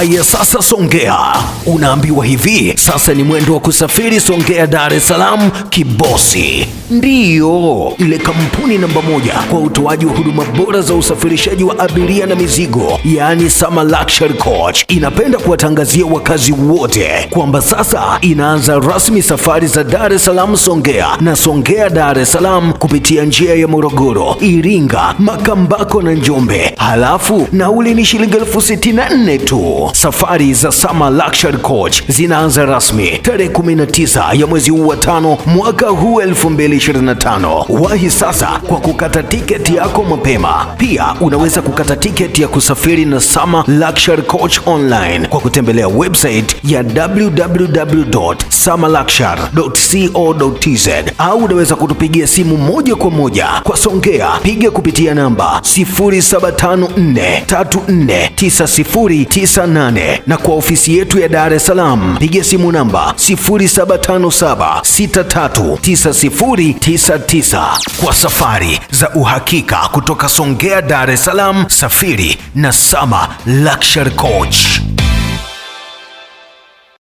Haya sasa, Songea unaambiwa hivi sasa ni mwendo wa kusafiri Songea Dar es Salaam Kibosi, ndiyo ile kampuni namba moja kwa utoaji wa huduma bora za usafirishaji wa abiria na mizigo, yaani Sama Luxury Coach inapenda kuwatangazia wakazi wote kwamba sasa inaanza rasmi safari za Dar es Salaam Songea na Songea Dar es Salaam kupitia njia ya Morogoro, Iringa, Makambako na Njombe, halafu nauli ni shilingi elfu sitini na nne tu safari za Sama Luxury Coach zinaanza rasmi tarehe 19 ya mwezi huu wa tano mwaka huu 2025. Wahi sasa kwa kukata tiketi yako mapema. Pia unaweza kukata tiketi ya kusafiri na Sama Luxury Coach online kwa kutembelea website ya www.samaluxury.co.tz au unaweza kutupigia simu moja kwa moja kwa Songea, piga kupitia namba 0754349098 nane na kwa ofisi yetu ya Dar es Salaam piga simu namba 0757639099 kwa safari za uhakika kutoka Songea Dar es Salaam, safiri na Sama Luxury Coach.